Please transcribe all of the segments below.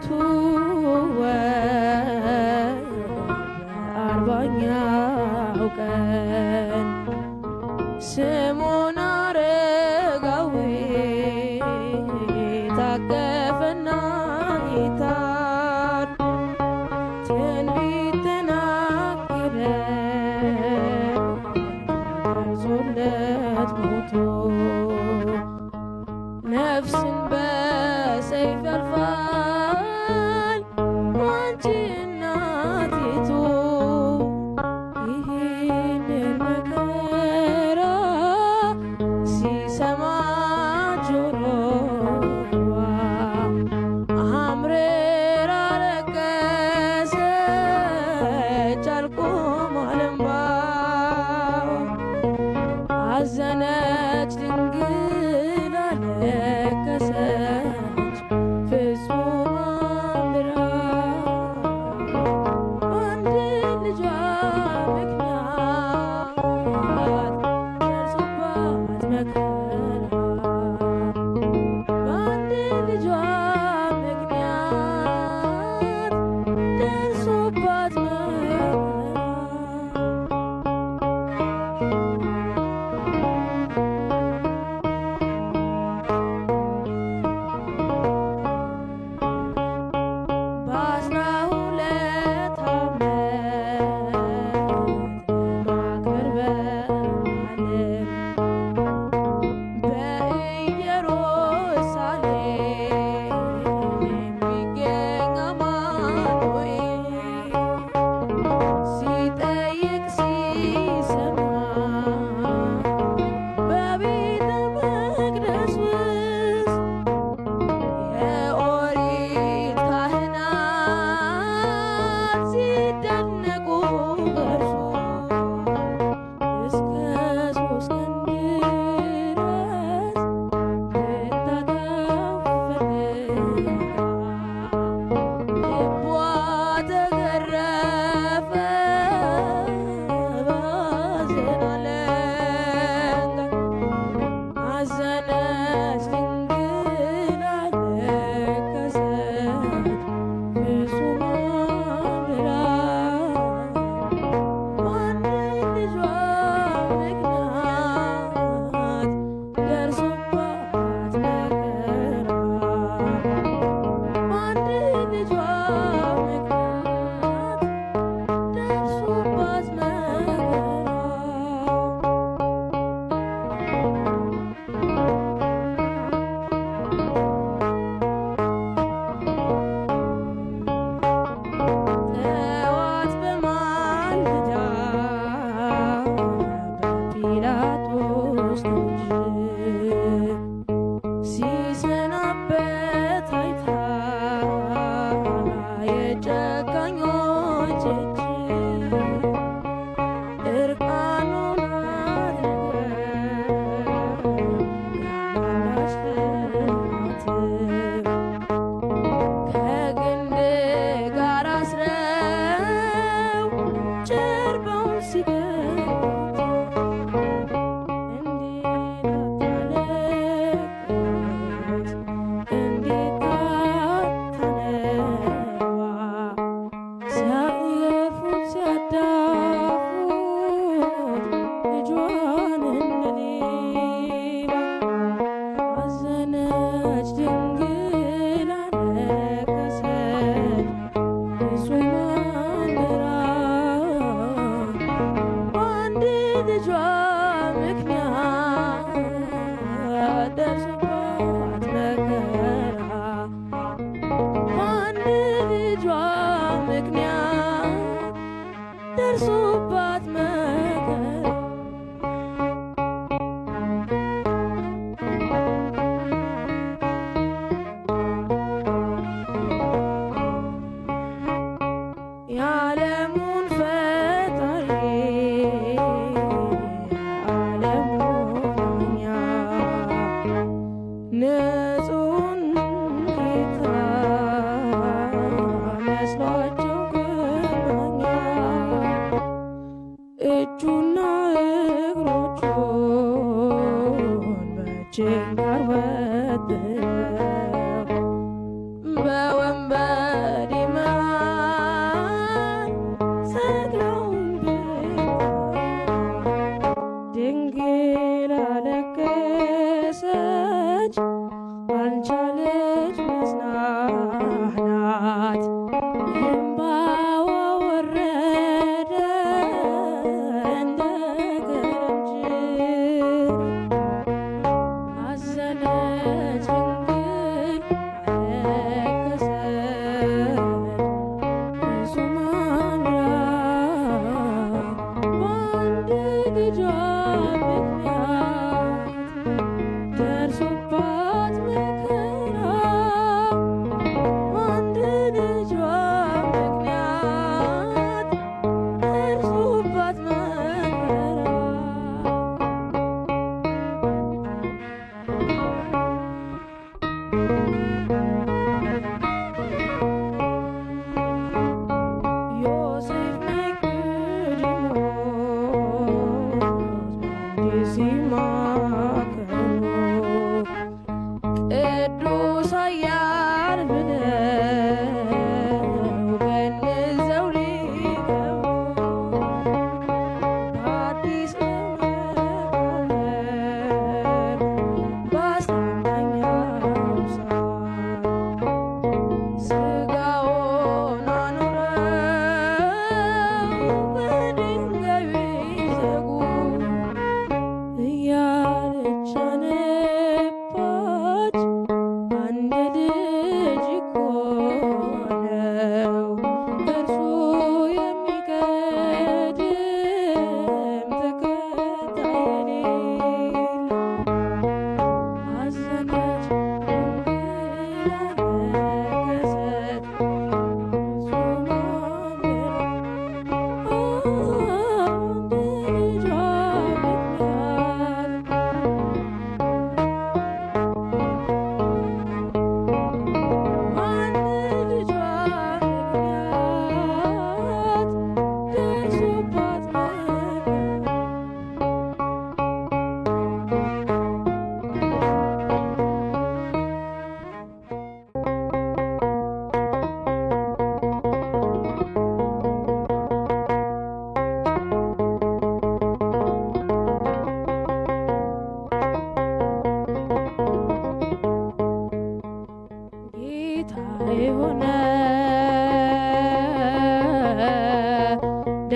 to a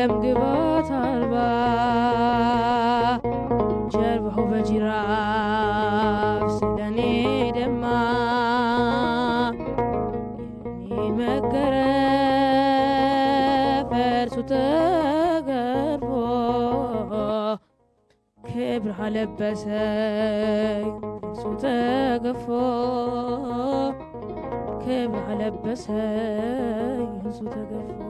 قلب قباط البا جرب حب جراف سدني دما يعني مقرب فرسو تقربو كبر حلبسك فرسو تقفو كبر حلبسك فرسو تقفو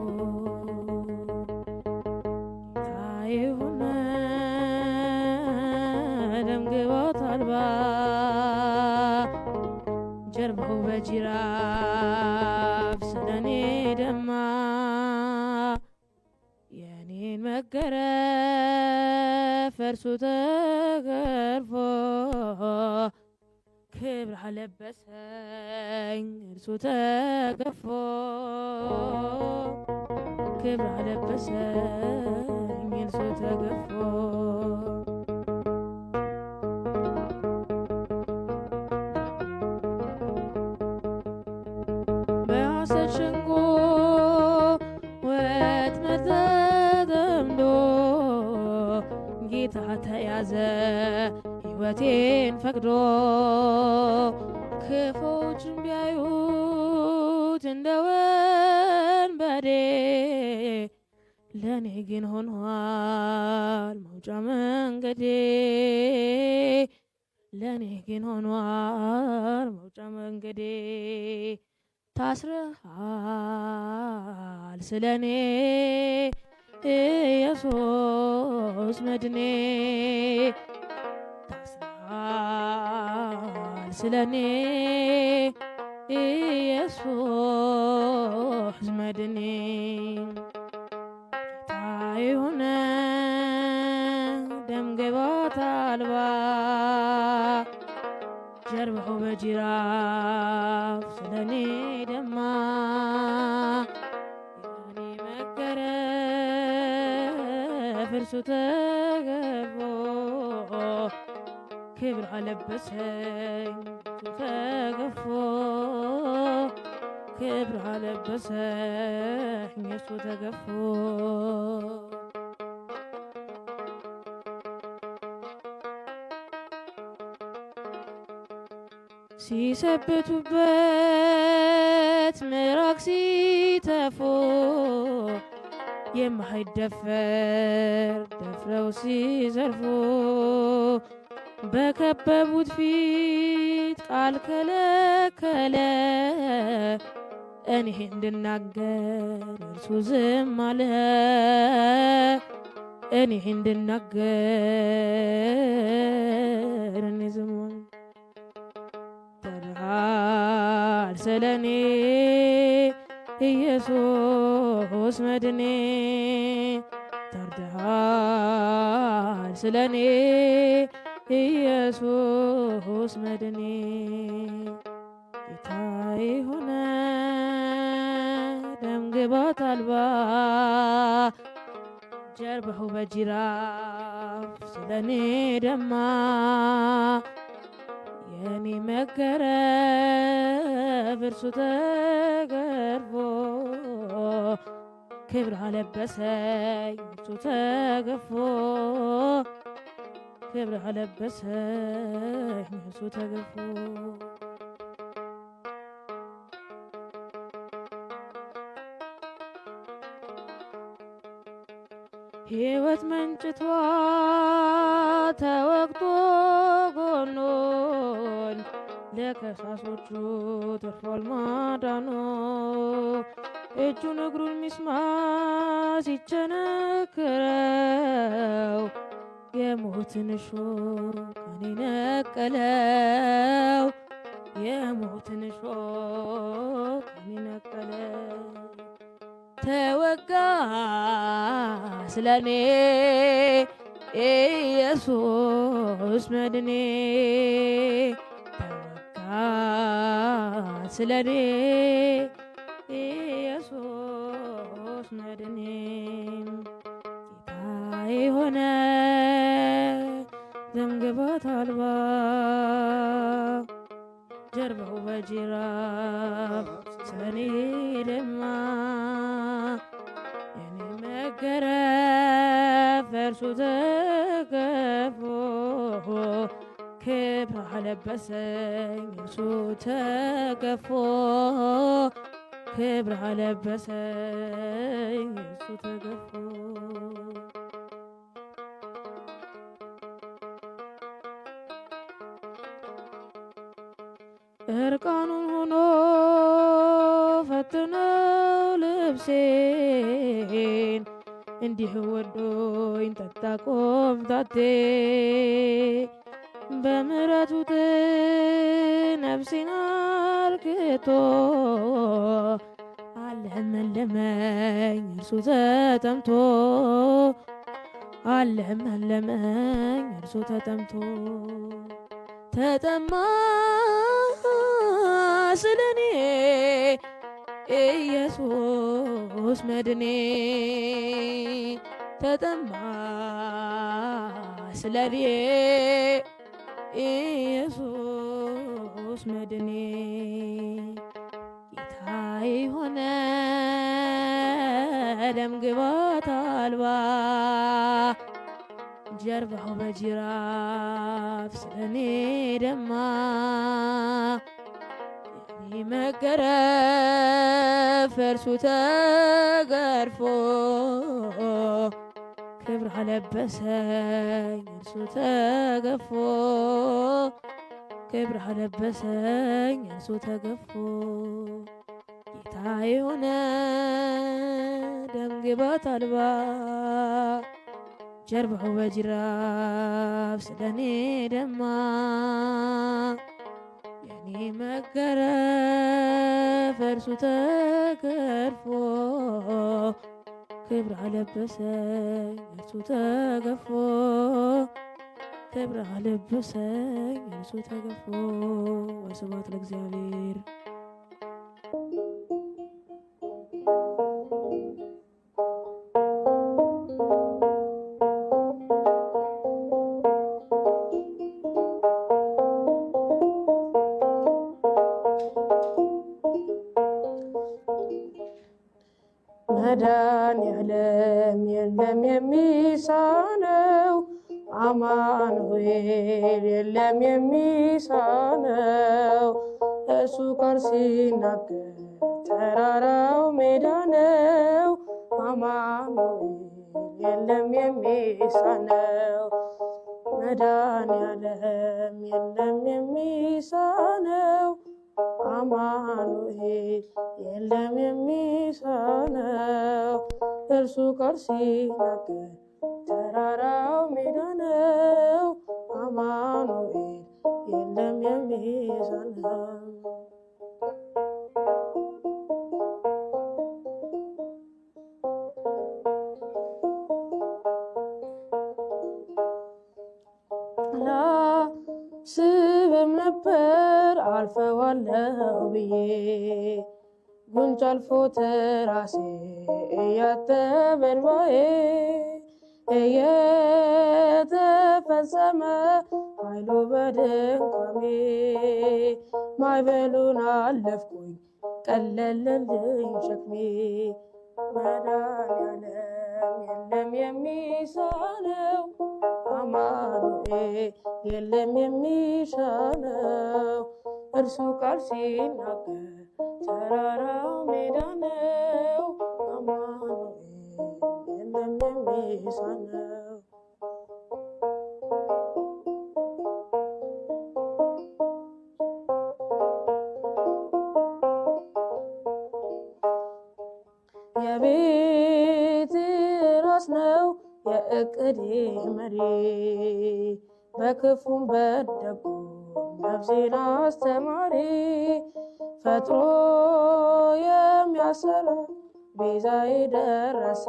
ጀርባው በጅራፍ ስለኔ ደማ የኔን መገረፍ እርሱ ተገርፎ ክብር አለበሰኝ እርሱ ተገፎ ክብር አለበሰኝ እርሱ ተገፎ በጌታ ተያዘ ሕይወቴን ፈቅዶ ክፎች ቢያዩት እንደ ወንበዴ ለእኔ ግን ሆኗል መውጫ መንገዴ ለእኔ ግን ሆኗል መውጫ መንገዴ ታስረሃል ስለኔ ኢየሱስ መድኔ ታስናል ስለኔ ኢየሱስ መድኔ ታይሆነ ደምገባት አልባ ጀርባው በጅራ فرسو تقفو كبر على بسهي تقفو كبر على بسهي يسو تقفو ሲሰብቱበት ምራቅ ሲተፎ የማይደፈር ደፍረው ሲዘርፉ በከበቡት ፊት ቃል ከለከለ እኔ እንድናገር እርሱ ዝም አለ። እኔ እንድናገር እኔ ዝም ተርሃል ስለኔ ክርስቶስ መድኔ ታርደሃል ስለኔ ኢየሱስ መድኔ ጌታዬ ሆነ ግባት አልባ ጀርባው በጅራፍ ስለኔ ደማ የኔ መገረፍ እርሱ ተገርፎ ክብር አለበሰኝ ይቱ ተገፎ ክብር አለበሰኝ ይቱ ተገፎ ሕይወት መንጭቷ ተወቅቶ ጎኖን ለከሳሶቹ ተርፏል ማዳኖ እጁን እግሩን ሚስማር ሲቸነክረው የሞትን ሾህ ከኔ ነቀለው የሞትን ሾህ ከኔ ነቀለው። ተወጋ ስለኔ ኢየሱስ መድኔ ተወጋ ስለኔ ኢየሱስ መድኔ ጌታዬ ሆነ ዘምግባት አልባ ጀርባው በጅራፍ ስለኔ ለማ የኔ መገረፍ እርሱ ተገፎ ክብር አለበሰኝ እርሱ ተገፎ كبر على بسي صوت قفو إركانون هنو فتنا لبسين اندي هو الدوين تتاكوف داتي በምረቱ ነፍሴን አርክቶ አለመለመኝ እርሱ ተጠምቶ አለመለመኝ እርሱ ተጠምቶ ተጠማ ስለኔ ኢየሱስ መድኔ ተጠማ ስለኔ ኢየሱስ መድኔ ጌታዬ ሆነ ደም ግባት አልባ ጀርባው በጅራፍ ስለኔ ደማ የኔ መገረፍ እርሱ ተገርፎ ክብር አለበሰኝ እርሱ ተገፎ ክብር አለበሰኝ እርሱ ተገፎ ጌታ የሆነ ደምግባት አልባ ጀርባው በጅራፍ ስለኔ ደማ የኔ መገረፍ እርሱ ተገርፎ ክብር አለበሰኝ እርሱ ተገፎ ክብር አለበሰኝ እርሱ ተገፎ። ወስብሐት ለእግዚአብሔር። መድኃኔዓለም የለም የሚሳነው አማኑኤል የለም የሚሳነው እርሱ ቃል ሲናገር ተራራው ሜዳ ነው። አማኑኤል የለም የሚሳነው አልፈዋለሁ ብዬ ጉንጭ አልፎት ራሴ እያተበ እንባዬ እየተፈጸመ ኃይሉ በድካሜ ማዕበሉን አለፍኩኝ ቀለለልኝ ሸክሜ መድኃኒዓለም የለም የሚሳነው አማኑኤል የለም የሚሻለው እርሱ ቃል ሲናገር ተራራው ሜዳ ነው፣ አማኑኤል የሚሳነው የቤት ራስ ነው የእቅዴ መሪ በክፉም በደጉ ጥበብ አስተማሪ ፈጥሮ የሚያሰራ ቤዛ የደረሰ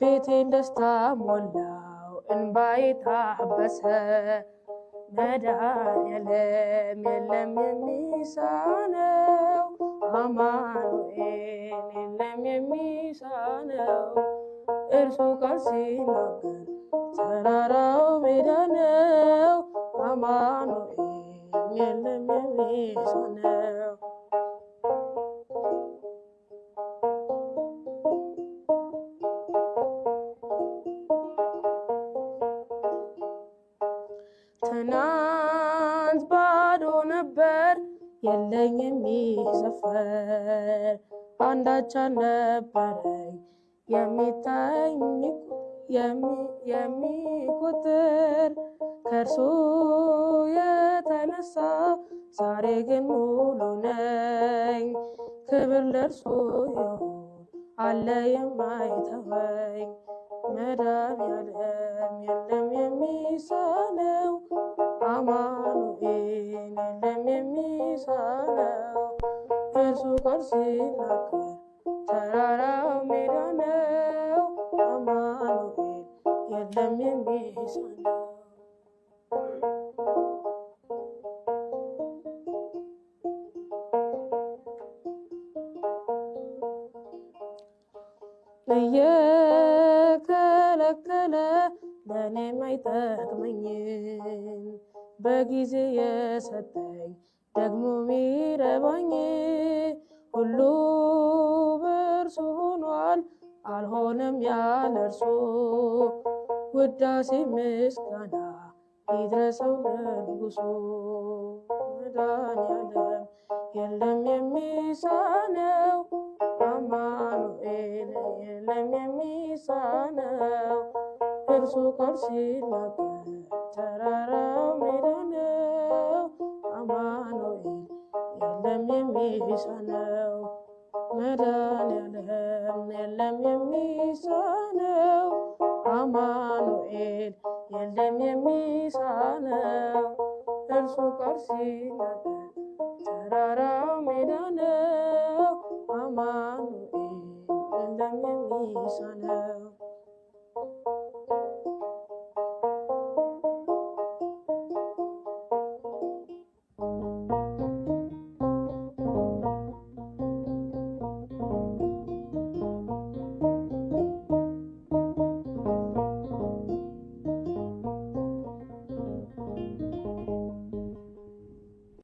ቤቴን ደስታ ሞላው እንባይ ታበሰ። መድኃኔዓለም የለም የሚሳነው አማኑኤል የለም የሚሳነው እርሱ ቃል ሲናገር ተራራው ሜዳ ነው። አማኑኤል የለም የሚሳነው። ትናንት ባዶ ነበር የለኝ የሚሰፈር አንዳች አልነበረኝ የሚታየኝ የሚቆጥር ከእርሱ የተነሳ ዛሬ ግን ሙሉ ነኝ። ክብር ለእርሱ ይሁን አለ የማይተወኝ መድኃኒዓለም የለም የሚሳነው አማኑኤል የለም የሚሳነው እርሱ ቃል ሲናገር ተራራው ሜዳ ነው። አማኑኤል የለም የሚሳነው የማይጠቅመኝን በጊዜ የሰጠኝ ደግሞ ሚረባኝ ሁሉ በእርሱ ሆኗል፣ አልሆነም ያለ እርሱ። ውዳሴ ምስጋና ይድረሰው ለንጉሱ መድኃኔዓለም የለም የሚሳነው አማኑኤል የለም የሚሳነው suukar si lata tarara midana amano የለም የሚሳነው መድኃኔዓለም የለም የሚሳነው አማኑኤል የለም የሚሳነው እርሱ ቃል ሲናገር ተራራው ሜዳ ነው አማኑኤል የለም የሚሳነው